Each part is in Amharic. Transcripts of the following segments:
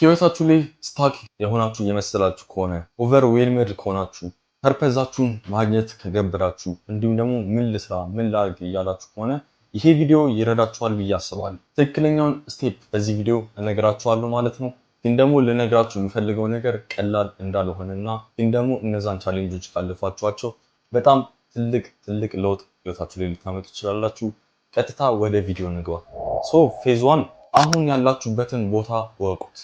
ህይወታችሁ ላይ ስታክ የሆናችሁ የመሰላችሁ ከሆነ ኦቨር ዌልሜድ ከሆናችሁ ፐርፐዛችሁን ማግኘት ከገብራችሁ እንዲሁም ደግሞ ምን ልስራ ምን ላርግ እያላችሁ ከሆነ ይሄ ቪዲዮ ይረዳችኋል ብዬ አስባለሁ። ትክክለኛውን ስቴፕ በዚህ ቪዲዮ እነግራችኋለሁ ማለት ነው። ግን ደግሞ ልነግራችሁ የምፈልገው ነገር ቀላል እንዳልሆነና ግን ደግሞ እነዛን ቻሌንጆች ካለፋችኋቸው በጣም ትልቅ ትልቅ ለውጥ ህይወታችሁ ላይ ልታመጡ ትችላላችሁ። ቀጥታ ወደ ቪዲዮ ንግባ። ሶ ፌዝ ዋን አሁን ያላችሁበትን ቦታ ወቁት።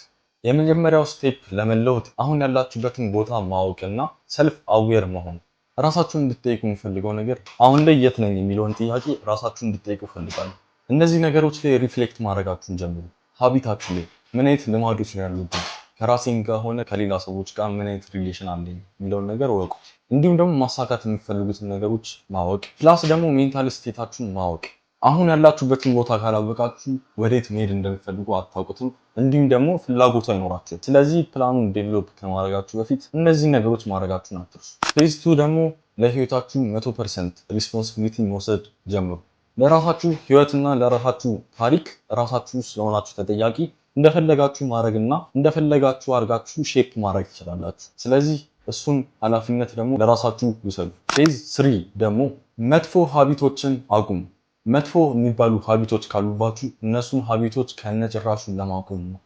የመጀመሪያው ስቴፕ ለመለወጥ አሁን ያላችሁበትን ቦታ ማወቅና ሰልፍ አዌር መሆን። ራሳችሁን እንድትጠይቁ የምፈልገው ነገር አሁን ላይ የት ነኝ የሚለውን ጥያቄ ራሳችሁን እንድትጠይቁ እፈልጋለሁ። እነዚህ ነገሮች ላይ ሪፍሌክት ማድረጋችሁን ጀምሩ። ሀቢታችሁ ላይ ምን አይነት ልማዶች ነው ያሉብን፣ ከራሴን ጋር ሆነ ከሌላ ሰዎች ጋር ምን አይነት ሪሌሽን አለኝ የሚለውን ነገር ወቁ። እንዲሁም ደግሞ ማሳካት የሚፈልጉትን ነገሮች ማወቅ ፕላስ ደግሞ ሜንታል ስቴታችሁን ማወቅ አሁን ያላችሁበትን ቦታ ካላወቃችሁ ወዴት መሄድ እንደሚፈልጉ አታውቁትም። እንዲሁም ደግሞ ፍላጎቱ አይኖራችሁም። ስለዚህ ፕላኑን ዴቨሎፕ ከማድረጋችሁ በፊት እነዚህ ነገሮች ማድረጋችሁን አትርሱ። ፌዝ ቱ ደግሞ ለህይወታችሁ መቶ ፐርሰንት ሪስፖንሲቢሊቲ መውሰድ ጀምሩ። ለራሳችሁ ህይወትና ለራሳችሁ ታሪክ ራሳችሁ ስለሆናችሁ ተጠያቂ እንደፈለጋችሁ ማድረግና እንደፈለጋችሁ አድርጋችሁ ሼፕ ማድረግ ትችላላችሁ። ስለዚህ እሱን ኃላፊነት ደግሞ ለራሳችሁ ውሰዱ። ፌዝ ስሪ ደግሞ መጥፎ ሀቢቶችን አቁሙ። መጥፎ የሚባሉ ሀቢቶች ካሉባችሁ እነሱን ሀቢቶች ከነጭራሹ ለማቆም ነው።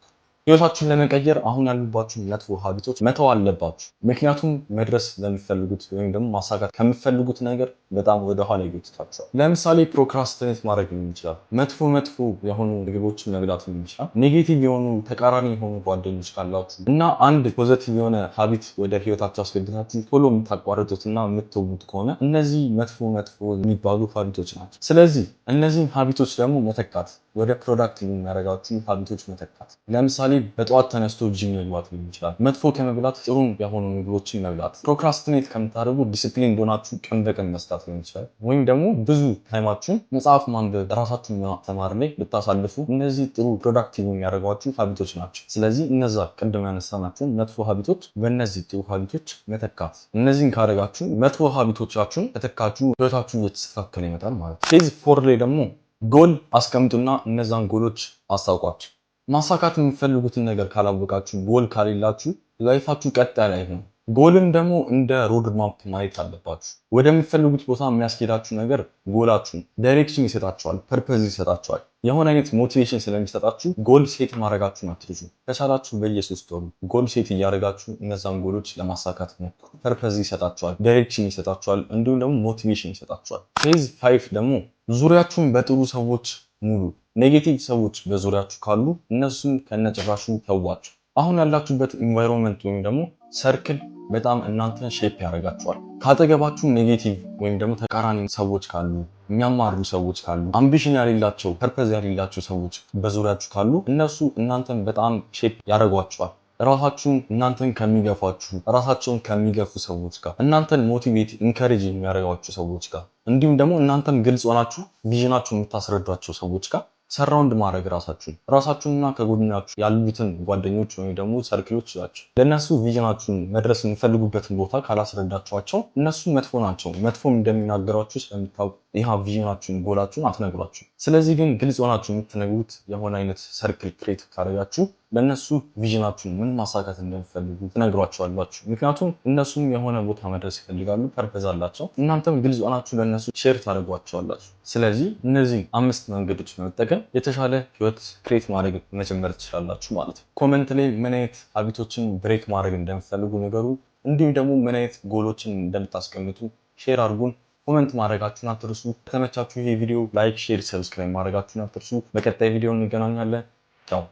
ህይወታችሁን ለመቀየር አሁን ያሉባችሁን መጥፎ ሀቢቶች መተው አለባችሁ። ምክንያቱም መድረስ ለሚፈልጉት ወይም ደግሞ ማሳካት ከሚፈልጉት ነገር በጣም ወደኋላ ይጎትታችኋል። ለምሳሌ ፕሮክራስትኔት ማድረግ ሊሆን ይችላል፣ መጥፎ መጥፎ የሆኑ ምግቦችን መብላት ሊሆን ይችላል፣ ኔጌቲቭ የሆኑ ተቃራኒ የሆኑ ጓደኞች ካላችሁ እና አንድ ፖዘቲቭ የሆነ ሀቢት ወደ ህይወታችሁ አስገብታችሁ ቶሎ የምታቋርጡት እና የምትውሉት ከሆነ እነዚህ መጥፎ መጥፎ የሚባሉ ሀቢቶች ናቸው። ስለዚህ እነዚህን ሀቢቶች ደግሞ መተካት ወደ ፕሮዳክት የሚያደርጋችሁን ሀቢቶች መተካት። ለምሳሌ በጠዋት ተነስቶ ጂም መግባት ሊሆን ይችላል። መጥፎ ከመብላት ጥሩ የሆኑ ምግቦችን መብላት። ፕሮክራስቲኔት ከምታደርጉ ዲስፕሊን እንደሆናችሁ ቀን በቀን መስጣት ሊሆን ይችላል። ወይም ደግሞ ብዙ ታይማችሁን መጽሐፍ ማንበብ፣ ራሳችሁን ማስተማር ላይ ብታሳልፉ፣ እነዚህ ጥሩ ፕሮዳክቲቭ የሚያደርጓችሁ ሀቢቶች ናቸው። ስለዚህ እነዛ ቅድም ያነሳናቸውን መጥፎ ሀቢቶች በእነዚህ ጥሩ ሀቢቶች መተካት። እነዚህን ካደረጋችሁ መጥፎ ሀቢቶቻችሁን ተተካችሁ ህይወታችሁ እየተስተካከለ ይመጣል ማለት ነው። ፌዝ ፎር ላይ ደግሞ ጎል አስቀምጡና እነዛን ጎሎች አስታውቋቸው። ማሳካት የምትፈልጉትን ነገር ካላወቃችሁ፣ ጎል ከሌላችሁ ላይፋችሁ ያለ አይሆንም። ጎልን ደግሞ እንደ ሮድ ማፕ ማየት አለባችሁ። ወደምትፈልጉት ቦታ የሚያስኬዳችሁ ነገር ጎላችሁን ዳይሬክሽን ይሰጣችኋል፣ ፐርፐዝ ይሰጣችኋል። የሆነ አይነት ሞቲቬሽን ስለሚሰጣችሁ ጎል ሴት ማድረጋችሁን አትልጁ። ከቻላችሁ በየሶስት ወሩ ጎል ሴት እያደረጋችሁ እነዛን ጎሎች ለማሳካት ሞክሩ። ፐርፐዝ ይሰጣችኋል፣ ዳይሬክሽን ይሰጣችኋል፣ እንዲሁም ደግሞ ሞቲቬሽን ይሰጣችኋል። ፌዝ ፋይቭ ደግሞ ዙሪያችሁን በጥሩ ሰዎች ሙሉ። ኔጌቲቭ ሰዎች በዙሪያችሁ ካሉ እነሱም ከነጭራሹ ተዋችሁ። አሁን ያላችሁበት ኢንቫይሮንመንት ወይም ደግሞ ሰርክል በጣም እናንተን ሼፕ ያደርጋችኋል። ካጠገባችሁ ኔጌቲቭ ወይም ደግሞ ተቃራኒ ሰዎች ካሉ፣ የሚያማሩ ሰዎች ካሉ፣ አምቢሽን ያሌላቸው፣ ፐርፐዝ ያሌላቸው ሰዎች በዙሪያችሁ ካሉ እነሱ እናንተን በጣም ሼፕ ያደርጓችኋል። ራሳችሁን እናንተን ከሚገፋችሁ ራሳቸውን ከሚገፉ ሰዎች ጋር እናንተን ሞቲቬት ኢንከሬጅ የሚያደርጓችሁ ሰዎች ጋር እንዲሁም ደግሞ እናንተን ግልጽ ሆናችሁ ቪዥናችሁን የምታስረዷቸው ሰዎች ጋር ሰራውንድ ማድረግ ራሳችሁን ራሳችሁንና ከጎድናችሁ ያሉትን ጓደኞች ወይም ደግሞ ሰርክሎች ናቸው። ለእነሱ ቪዥናችሁን መድረስ የሚፈልጉበትን ቦታ ካላስረዳችኋቸው እነሱ መጥፎ ናቸው፣ መጥፎ እንደሚናገሯችሁ ስለሚታወቁ ይህ ቪዥናችሁን ጎላችሁን አትነግሯችሁ። ስለዚህ ግን ግልጽ ሆናችሁ የምትነግሩት የሆነ አይነት ሰርክል ክሬት ካደረጋችሁ ለእነሱ ቪዥናችሁን ምን ማሳካት እንደሚፈልጉ ትነግሯቸዋላችሁ። ምክንያቱም እነሱም የሆነ ቦታ መድረስ ይፈልጋሉ፣ ፐርፐዝ አላቸው። እናንተም ግልጽ ሆናችሁ ለእነሱ ሼር ታደርጓቸዋላችሁ። ስለዚህ እነዚህ አምስት መንገዶች በመጠቀም የተሻለ ህይወት ክሬት ማድረግ መጀመር ትችላላችሁ ማለት ነው። ኮመንት ላይ ምን አይነት ሀቢቶችን ብሬክ ማድረግ እንደሚፈልጉ ነገሩ፣ እንዲሁም ደግሞ ምን አይነት ጎሎችን እንደምታስቀምጡ ሼር አድርጉን። ኮመንት ማድረጋችሁን አትርሱ። ከተመቻችሁ ይሄ ቪዲዮ ላይክ፣ ሼር፣ ሰብስክራይብ ማድረጋችሁን አትርሱ። በቀጣይ ቪዲዮ እንገናኛለን። ቻው